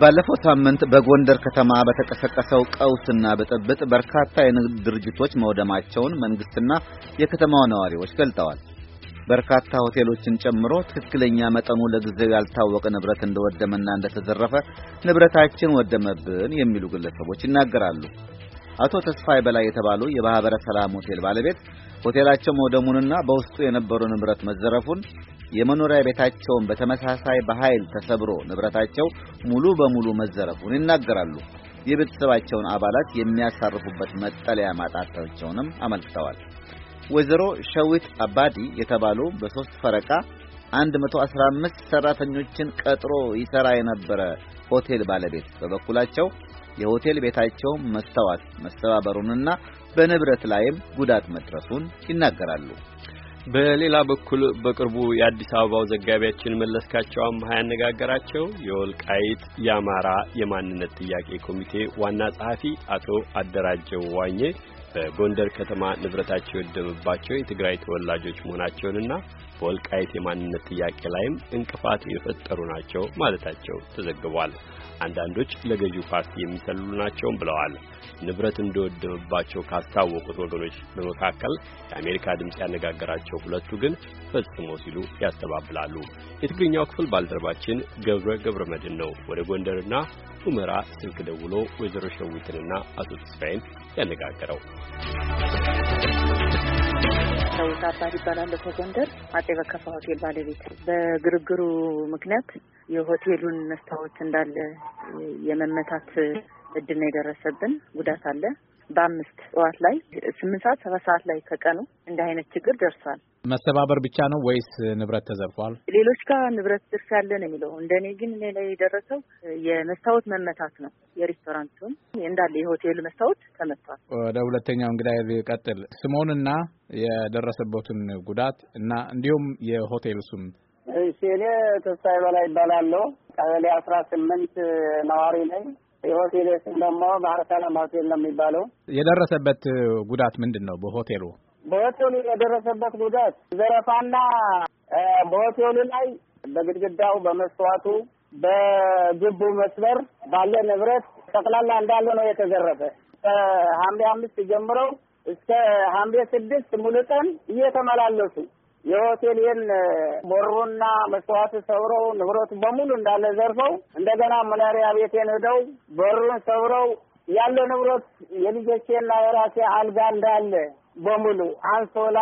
ባለፈው ሳምንት በጎንደር ከተማ በተቀሰቀሰው ቀውስና ብጥብጥ በርካታ የንግድ ድርጅቶች መውደማቸውን መንግስትና የከተማው ነዋሪዎች ገልጠዋል። በርካታ ሆቴሎችን ጨምሮ ትክክለኛ መጠኑ ለጊዜው ያልታወቀ ንብረት እንደወደመና እንደተዘረፈ ንብረታችን ወደመብን የሚሉ ግለሰቦች ይናገራሉ። አቶ ተስፋይ በላይ የተባሉ የማህበረ ሰላም ሆቴል ባለቤት ሆቴላቸው መውደሙንና በውስጡ የነበሩ ንብረት መዘረፉን የመኖሪያ ቤታቸውን በተመሳሳይ በኃይል ተሰብሮ ንብረታቸው ሙሉ በሙሉ መዘረፉን ይናገራሉ። የቤተሰባቸውን አባላት የሚያሳርፉበት መጠለያ ማጣታቸውንም አመልክተዋል። ወይዘሮ ሸዊት አባዲ የተባሉ በሶስት ፈረቃ 115 ሰራተኞችን ቀጥሮ ይሰራ የነበረ ሆቴል ባለቤት በበኩላቸው የሆቴል ቤታቸውን መስተዋት መሰባበሩንና በንብረት ላይም ጉዳት መድረሱን ይናገራሉ። በሌላ በኩል በቅርቡ የአዲስ አበባው ዘጋቢያችን መለስካቸው አምሃ ያነጋገራቸው የወልቃይት የአማራ የማንነት ጥያቄ ኮሚቴ ዋና ጸሐፊ አቶ አደራጀው ዋኜ በጎንደር ከተማ ንብረታቸው የወደመባቸው የትግራይ ተወላጆች መሆናቸውንና በወልቃይት የማንነት ጥያቄ ላይም እንቅፋት የፈጠሩ ናቸው ማለታቸው ተዘግቧል። አንዳንዶች ለገዢው ፓርቲ የሚሰልሉ ናቸውም ብለዋል። ንብረት እንደወደመባቸው ካስታወቁት ወገኖች በመካከል የአሜሪካ ድምፅ ያነጋገራቸው ሁለቱ ግን ፈጽሞ ሲሉ ያስተባብላሉ። የትግርኛው ክፍል ባልደረባችን ገብረ ገብረ መድን ነው ወደ ጎንደርና ሁመራ ስልክ ደውሎ ወይዘሮ ሸዊትንና አቶ ተስፋዬን ያነጋገረው። ታወቀ አባት ይባላል። ከጎንደር አጤ በከፋ ሆቴል ባለቤት። በግርግሩ ምክንያት የሆቴሉን መስታወት እንዳለ የመመታት እድል ነው የደረሰብን። ጉዳት አለ። በአምስት ጠዋት ላይ ስምንት ሰዓት ሰባት ሰዓት ላይ ከቀኑ እንደ አይነት ችግር ደርሷል። መሰባበር ብቻ ነው ወይስ ንብረት ተዘርፏል? ሌሎች ጋር ንብረት ድርሻ ያለን ነው የሚለው። እንደኔ ግን እኔ ላይ የደረሰው የመስታወት መመታት ነው። የሬስቶራንቱም እንዳለ የሆቴሉ መስታወት ተመቷል። ወደ ሁለተኛው እንግዳ ቀጥል። ስሞንና የደረሰበትን ጉዳት እና እንዲሁም የሆቴል ሱም እሺ፣ እኔ ተስፋዬ በላይ ይባላለሁ። ቀበሌ አስራ ስምንት ነዋሪ ነኝ። የሆቴል ስም ደግሞ ባህረሰላም ሆቴል ነው የሚባለው። የደረሰበት ጉዳት ምንድን ነው? በሆቴሉ በሆቴሉ የደረሰበት ጉዳት ዘረፋና በሆቴሉ ላይ በግድግዳው፣ በመስተዋቱ፣ በግቡ መስበር ባለ ንብረት ጠቅላላ እንዳለ ነው የተዘረፈ። ከሐምሌ አምስት ጀምረው እስከ ሐምሌ ስድስት ሙሉ ቀን እየተመላለሱ የሆቴል ይህን ቦሩና መስዋዕት ሰብረው ንብረቱ በሙሉ እንዳለ ዘርፈው እንደገና መኖሪያ ቤቴን ሄደው በሩን ሰብረው ያለ ንብረት የልጆቼና የራሴ አልጋ እንዳለ በሙሉ አንሶላ፣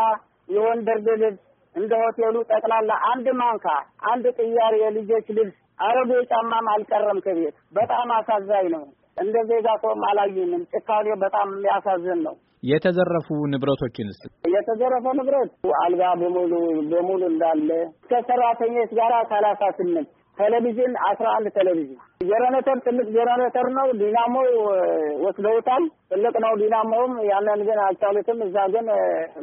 የወንደር ልብስ እንደ ሆቴሉ ጠቅላላ አንድ ማንካ፣ አንድ ጥያር የልጆች ልብስ፣ አረጉ ጫማም አልቀረም ከቤት። በጣም አሳዛኝ ነው። እንደ ዜጋ ሰውም አላዩንም። ጭካኔ በጣም የሚያሳዝን ነው። የተዘረፉ ንብረቶችንስ? የተዘረፈ ንብረት አልጋ በሙሉ በሙሉ እንዳለ ከሰራተኞች ጋር ሰላሳ ስምንት ቴሌቪዥን አስራ አንድ ቴሌቪዥን ጀነሬተር ትልቅ ጀነሬተር ነው። ዲናሞ ወስደውታል። ትልቅ ነው ዲናሞውም። ያንን ግን አልቻሉትም። እዛ ግን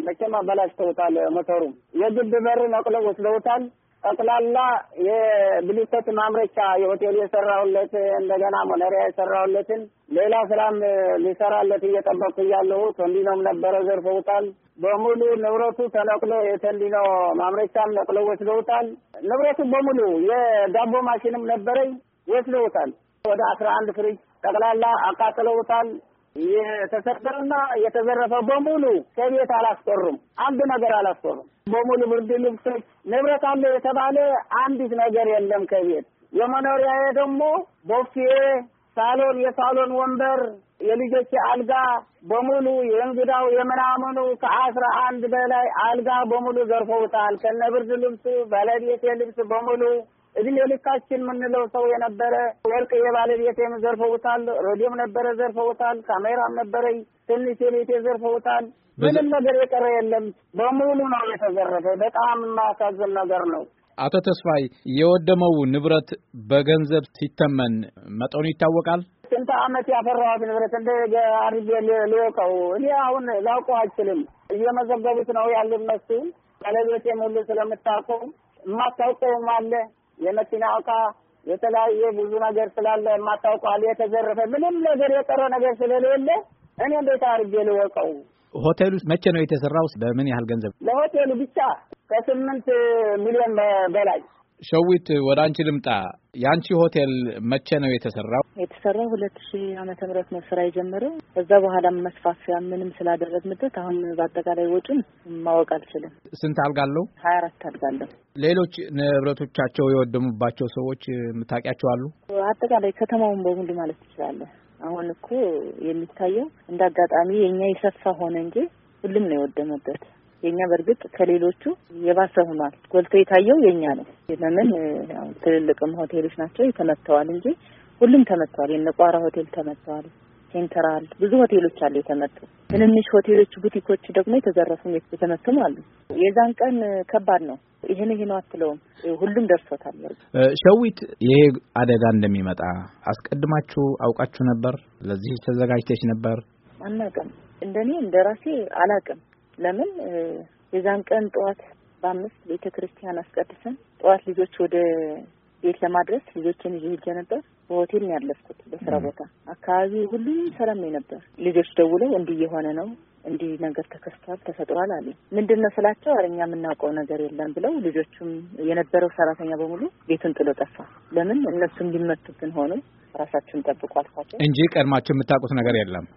መቼም አበላሽተውታል ሞተሩም። የግድ በር ነቅለው ወስደውታል። ጠቅላላ የብልሰት ማምረቻ የሆቴል የሰራሁለት እንደገና መኖሪያ የሰራሁለትን ሌላ ስራም ሊሰራለት እየጠበቅኩ እያለሁ ተንዲኖም ነበረ ዘርፈውታል። በሙሉ ንብረቱ ተነቅሎ የተንዲኖ ማምረቻም ነቅሎ ወስደውታል። ንብረቱ በሙሉ የዳቦ ማሽንም ነበረኝ ወስደውታል። ወደ አስራ አንድ ፍሪጅ ጠቅላላ አቃጥለውታል። የተሰበረና የተዘረፈ በሙሉ ከቤት አላስቀሩም። አንድ ነገር አላስቀሩም። በሙሉ ብርድ ልብሶች፣ ንብረት አለ የተባለ አንዲት ነገር የለም ከቤት የመኖሪያዬ ደግሞ ቦፌ፣ ሳሎን፣ የሳሎን ወንበር፣ የልጆች አልጋ በሙሉ የእንግዳው የምናምኑ ከአስራ አንድ በላይ አልጋ በሙሉ ዘርፈውታል። ከነ ብርድ ልብሱ ባለቤቴ ልብስ በሙሉ እድሜ ልካችን የምንለው ሰው የነበረ ወርቅ የባለቤቴም ዘርፈውታል፣ ሬዲዮም ነበረ ዘርፈውታል፣ ካሜራም ነበረኝ ትንሽ የቤቴ ዘርፈውታል። ምንም ነገር የቀረ የለም፣ በሙሉ ነው የተዘረፈ። በጣም የማያሳዝን ነገር ነው። አቶ ተስፋይ የወደመው ንብረት በገንዘብ ሲተመን መጠኑ ይታወቃል? ስንት ዓመት ያፈራዋት ንብረት እንደ አድርጌ ልወቀው እኔ አሁን ላውቀው አይችልም። እየመዘገቡት ነው ያሉ እነሱ። ባለቤቴም ሁሉ ስለምታውቀው የማታውቀውም አለ የመኪና እቃ የተለያየ ብዙ ነገር ስላለ የማታውቀዋል የተዘረፈ ምንም ነገር የቀረ ነገር ስለሌለ እኔ እንዴት አድርጌ ልወቀው? ሆቴሉ መቼ ነው የተሰራው? በምን ያህል ገንዘብ? ለሆቴሉ ብቻ ከስምንት ሚሊዮን በላይ ሸዊት ወደ አንቺ ልምጣ። የአንቺ ሆቴል መቼ ነው የተሰራው? የተሰራው ሁለት ሺህ ዓመተ ምህረት ነው ስራ የጀመረው። እዛ በኋላ መስፋፊያ ምንም ስላደረግንበት አሁን በአጠቃላይ ወጪን ማወቅ አልችልም። ስንት አልጋለሁ? ሀያ አራት አልጋለሁ። ሌሎች ንብረቶቻቸው የወደሙባቸው ሰዎች የምታውቂያቸው አሉ? አጠቃላይ ከተማውን በሙሉ ማለት ትችላለህ። አሁን እኮ የሚታየው እንደ አጋጣሚ የእኛ የሰፋ ሆነ እንጂ ሁሉም ነው የወደመበት። የእኛ በእርግጥ ከሌሎቹ የባሰ ሆኗል። ጎልቶ የታየው የእኛ ነው። ለምን ትልልቅም ሆቴሎች ናቸው ተመተዋል እንጂ ሁሉም ተመተዋል። የነቋራ ሆቴል ተመተዋል። ሴንተራል ብዙ ሆቴሎች አሉ የተመቱ። ትንንሽ ሆቴሎች፣ ቡቲኮች ደግሞ የተዘረፉ የተመቱም አሉ። የዛን ቀን ከባድ ነው። ይህን ይህን አትለውም። ሁሉም ደርሶታል። ሸዊት፣ ይሄ አደጋ እንደሚመጣ አስቀድማችሁ አውቃችሁ ነበር? ለዚህ ተዘጋጅተች ነበር? አናውቅም። እንደኔ እንደ ራሴ አላውቅም። ለምን የዛን ቀን ጠዋት በአምስት ቤተ ክርስቲያን አስቀድሰን ጠዋት ልጆች ወደ ቤት ለማድረስ ልጆችን ይዤ ሄጄ ነበር። በሆቴል ነው ያለፍኩት። በስራ ቦታ አካባቢ ሁሉም ሰላም ነበር። ልጆች ደውለው እንዲህ የሆነ ነው እንዲህ ነገር ተከስቷል ተፈጥሯል አለ። ምንድን ነው ስላቸው፣ እኛ የምናውቀው ነገር የለም ብለው ልጆቹም የነበረው ሰራተኛ በሙሉ ቤቱን ጥሎ ጠፋ። ለምን እነሱም ሊመቱብን ሆኑ። ራሳችሁን ጠብቁ አልኳቸው እንጂ ቀድማቸው የምታውቁት ነገር የለም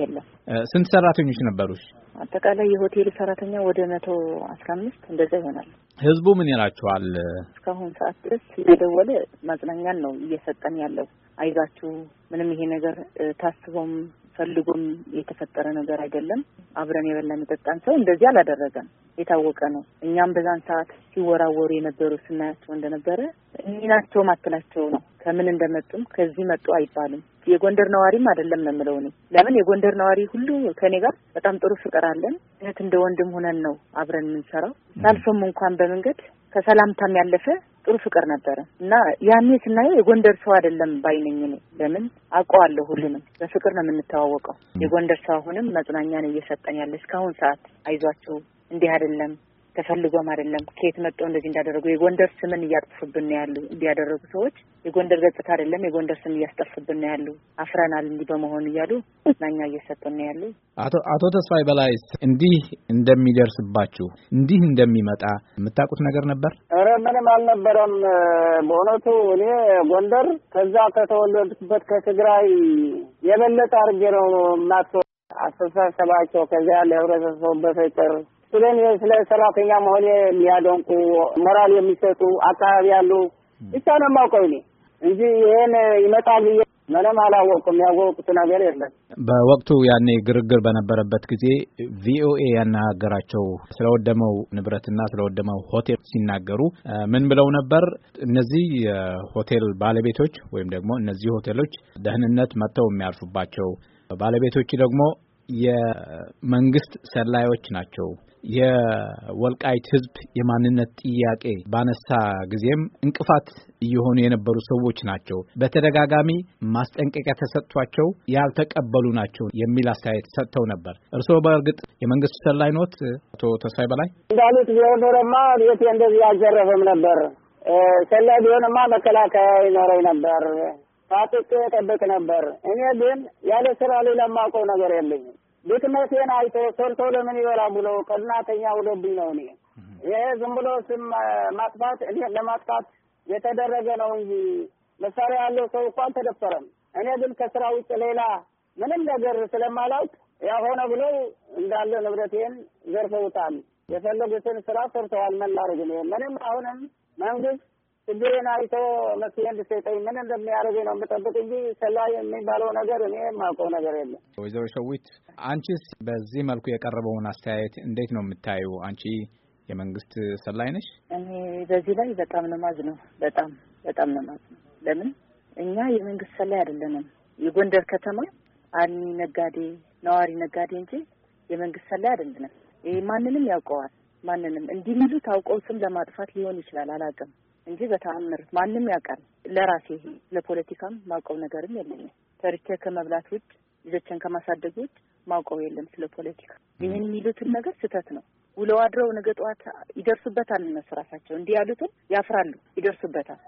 የለም። ስንት ሰራተኞች ነበሩሽ? አጠቃላይ የሆቴል ሰራተኛ ወደ መቶ አስራ አምስት እንደዛ ይሆናል። ህዝቡ ምን ይላችኋል? እስካሁን ሰዓት ድረስ የደወለ ማጽናኛን ነው እየሰጠን ያለው። አይዛችሁ ምንም ይሄ ነገር ታስቦም ፈልጎም የተፈጠረ ነገር አይደለም። አብረን የበላን የጠጣን ሰው እንደዚህ አላደረገም፣ የታወቀ ነው። እኛም በዛን ሰዓት ሲወራወሩ የነበሩ ስናያቸው እንደነበረ እኒናቸው ናቸው ማትላቸው ነው። ከምን እንደመጡም ከዚህ መጡ አይባልም። የጎንደር ነዋሪም አይደለም ነው የምለው እኔ። ለምን የጎንደር ነዋሪ ሁሉ ከኔ ጋር በጣም ጥሩ ፍቅር አለን። እህት እንደ ወንድም ሆነን ነው አብረን የምንሰራው። ሳልፎም እንኳን በመንገድ ከሰላምታም ያለፈ ጥሩ ፍቅር ነበረ እና ያኔ ስናየው የጎንደር ሰው አይደለም ባይነኝ ነው። ለምን አውቀዋለሁ፣ ሁሉንም በፍቅር ነው የምንተዋወቀው። የጎንደር ሰው አሁንም መጽናኛ ነው እየሰጠን ያለ እስካሁን ሰዓት። አይዟቸው እንዲህ አይደለም ተፈልጎም አይደለም። ከየት መጥተው እንደዚህ እንዳደረጉ የጎንደር ስምን እያጥፉብን ነው ያሉ እንዲያደረጉ ሰዎች የጎንደር ገጽታ አይደለም የጎንደር ስም እያስጠፉብን ነው ያሉ፣ አፍረናል እንዲህ በመሆኑ እያሉ ናኛ እየሰጡን ነው ያሉ። አቶ አቶ ተስፋይ በላይ እንዲህ እንደሚደርስባችሁ እንዲህ እንደሚመጣ የምታውቁት ነገር ነበር? ኧረ ምንም አልነበረም። በእውነቱ እኔ ጎንደር ከዛ ከተወለድኩበት ከትግራይ የበለጠ አድርጌ ነው የማስበው። አስተሳሰባቸው ከዚያ ለህብረተሰቡ በፍቅር ስለኔ ስለ ሰራተኛ መሆን የሚያደንቁ ሞራል የሚሰጡ አካባቢ ያሉ ብቻ ነው የማውቀው እኔ እንጂ ይሄን ይመጣል ምንም አላወቅኩም። ያወቁት ነገር የለም። በወቅቱ ያኔ ግርግር በነበረበት ጊዜ ቪኦኤ ያነጋገራቸው ስለወደመው ንብረትና ስለወደመው ሆቴል ሲናገሩ ምን ብለው ነበር? እነዚህ የሆቴል ባለቤቶች ወይም ደግሞ እነዚህ ሆቴሎች ደህንነት መጥተው የሚያርፉባቸው ባለቤቶች ደግሞ የመንግስት ሰላዮች ናቸው የወልቃይት ሕዝብ የማንነት ጥያቄ ባነሳ ጊዜም እንቅፋት እየሆኑ የነበሩ ሰዎች ናቸው፣ በተደጋጋሚ ማስጠንቀቂያ ተሰጥቷቸው ያልተቀበሉ ናቸው የሚል አስተያየት ሰጥተው ነበር። እርስዎ በእርግጥ የመንግስት ሰላይ ኖት? አቶ ተስፋይ በላይ እንዳሉት ቢሆን ኖረማ ቤቴ እንደዚህ አልዘረፈም ነበር። ሰላይ ቢሆንማ መከላከያ ይኖረኝ ነበር። ታጥቄ እጠብቅ ነበር። እኔ ግን ያለ ስራ ሌላ የማውቀው ነገር የለኝም። ድክመቴን አይቶ ሰርቶ ለምን ይበላ ብሎ ቀናተኛ ውሎብኝ ነው። እኔ ይሄ ዝም ብሎ ስም ማጥፋት እኔ ለማጥፋት የተደረገ ነው እንጂ መሳሪያ ያለው ሰው እኮ አልተደፈረም። እኔ ግን ከስራ ውጭ ሌላ ምንም ነገር ስለማላውቅ ያሆነ ብለው እንዳለ ንብረቴን ዘርፈውታል። የፈለጉትን ስራ ሰርተዋል። መላረግ ነው ምንም አሁንም መንግስት ችግሬን አይቶ መፍትሄ እንድትሰጠኝ ምን እንደሚያደርገኝ ነው የምጠብቅ እንጂ ሰላ የሚባለው ነገር እኔ የማውቀው ነገር የለም። ወይዘሮ ሸዊት አንቺስ በዚህ መልኩ የቀረበውን አስተያየት እንዴት ነው የምታዩ? አንቺ የመንግስት ሰላይ ነሽ። እኔ በዚህ ላይ በጣም ነማዝ ነው በጣም በጣም ነማዝ ነው። ለምን እኛ የመንግስት ሰላይ አይደለንም። የጎንደር ከተማ አልሚ ነጋዴ ነዋሪ ነጋዴ እንጂ የመንግስት ሰላይ አይደለንም። ይህ ማንንም ያውቀዋል። ማንንም እንዲህ ሚሉት አውቀው ስም ለማጥፋት ሊሆን ይችላል አላውቅም። እንጂ በተአምር ማንም ያውቃል። ለራሴ ለፖለቲካም ማውቀው ነገርም የለኝም። ተርቼ ከመብላት ውጭ ልጆችን ከማሳደግ ውጭ ማውቀው የለም ስለ ፖለቲካ። ይህን የሚሉትን ነገር ስህተት ነው። ውለው አድረው ነገ ጠዋት ይደርሱበታል። እነሱ ራሳቸው እንዲህ ያሉትን ያፍራሉ፣ ይደርሱበታል።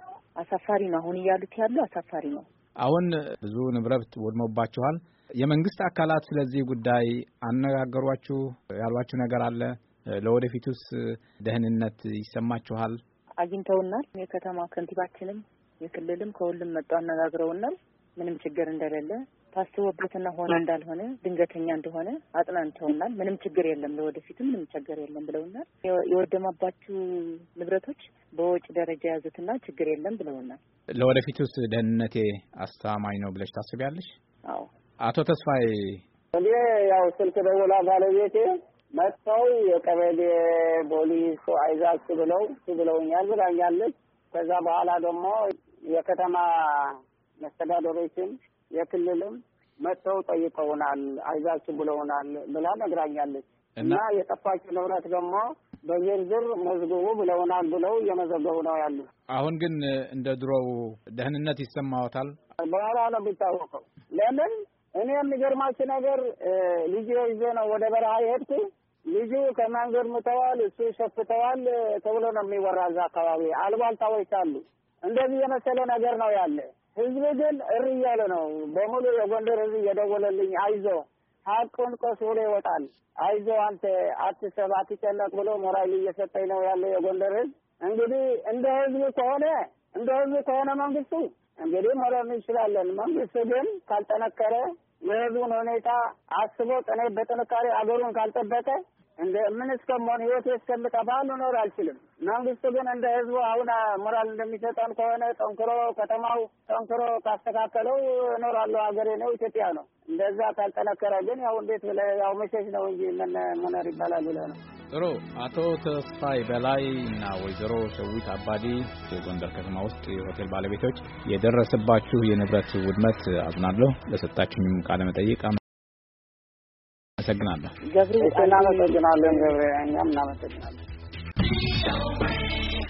አሳፋሪ ነው። አሁን እያሉት ያሉ አሳፋሪ ነው። አሁን ብዙ ንብረት ወድሞባችኋል። የመንግስት አካላት ስለዚህ ጉዳይ አነጋገሯችሁ ያሏችሁ ነገር አለ? ለወደፊቱስ ደህንነት ይሰማችኋል? አግኝተውናል። የከተማ ከንቲባችንም የክልልም ከሁሉም መጥተው አነጋግረውናል። ምንም ችግር እንደሌለ ታስቦበትና ሆነ እንዳልሆነ ድንገተኛ እንደሆነ አጥናንተውናል። ምንም ችግር የለም፣ ለወደፊት ምንም ችግር የለም ብለውናል። የወደማባችሁ ንብረቶች በወጪ ደረጃ የያዙትና ችግር የለም ብለውናል። ለወደፊቱ ውስጥ ደህንነቴ አስተማማኝ ነው ብለሽ ታስቢያለሽ? አዎ። አቶ ተስፋዬ እኔ ያው ስልክ ደውላ ባለቤቴ መጥተው የቀበሌ ፖሊስ አይዛችሁ ብለው ብለውኛል ብላኛለች። ከዛ በኋላ ደግሞ የከተማ መስተዳደሮችም የክልልም መጥተው ጠይቀውናል፣ አይዛችሁ ብለውናል ብላ ነግራኛለች። እና የጠፋችው ንብረት ደግሞ በዝርዝር መዝግቡ ብለውናል ብለው እየመዘገቡ ነው ያሉ። አሁን ግን እንደ ድሮው ደህንነት ይሰማዎታል? በኋላ ነው የሚታወቀው። ለምን እኔ የሚገርማችሁ ነገር ልጅ ይዤ ነው ወደ በረሃ የሄድኩ ልጁ ከመንገድ ሙተዋል፣ እሱ ሸፍተዋል ተብሎ ነው የሚወራ። እዛ አካባቢ አልባልታዎች አሉ። እንደዚህ የመሰለ ነገር ነው ያለ። ህዝብ ግን እሪ እያለ ነው በሙሉ። የጎንደር ህዝብ እየደወለልኝ አይዞ ሀቁን ቆስ ብሎ ይወጣል። አይዞ አንተ አትሰብ፣ አትጨነቅ ብሎ ሞራይል እየሰጠኝ ነው ያለ የጎንደር ህዝብ። እንግዲህ እንደ ህዝብ ከሆነ እንደ ህዝብ ከሆነ መንግስቱ እንግዲህ መረም እንችላለን። መንግስቱ ግን ካልጠነከረ የህዝቡን ሁኔታ አስቦ ጠኔ በጥንካሬ አገሩን ካልጠበቀ እንደ ምን እስከመሆን ህይወት እስከምጠፋ ልኖር አልችልም። መንግስቱ ግን እንደ ህዝቡ አሁን ሞራል እንደሚሰጠን ከሆነ ጠንክሮ ከተማው ጠንክሮ ካስተካከለው እኖራለሁ። ሀገሬ ነው፣ ኢትዮጵያ ነው። እንደዛ ካልጠነከረ ግን ያው እንዴት ያው መሸሽ ነው እንጂ ምን መኖር ይባላል ብለህ ነው ጥሩ። አቶ ተስፋይ በላይ እና ወይዘሮ ሸዊት አባዲ የጎንደር ከተማ ውስጥ የሆቴል ባለቤቶች፣ የደረሰባችሁ የንብረት ውድመት አዝናለሁ። ለሰጣችሁኝም ቃለ መጠይቅ አመሰግናለሁ። እናመሰግናለን። ገብሬ እኛም እናመሰግናለን።